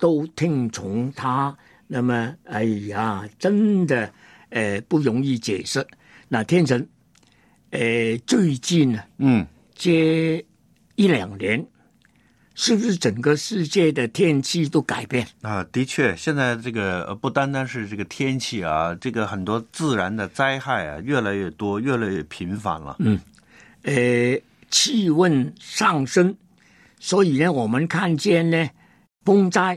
都聽從他，那麼哎呀，真的呃不容易解釋。那天神，呃最近呢，嗯，這一兩年，是不是整個世界的天氣都改變？啊，的確，現在這個不單單是這個天氣啊，這個很多自然的災害啊，越來越多，越來越頻繁了。嗯，呃氣溫上升，所以呢我們看見呢，風災。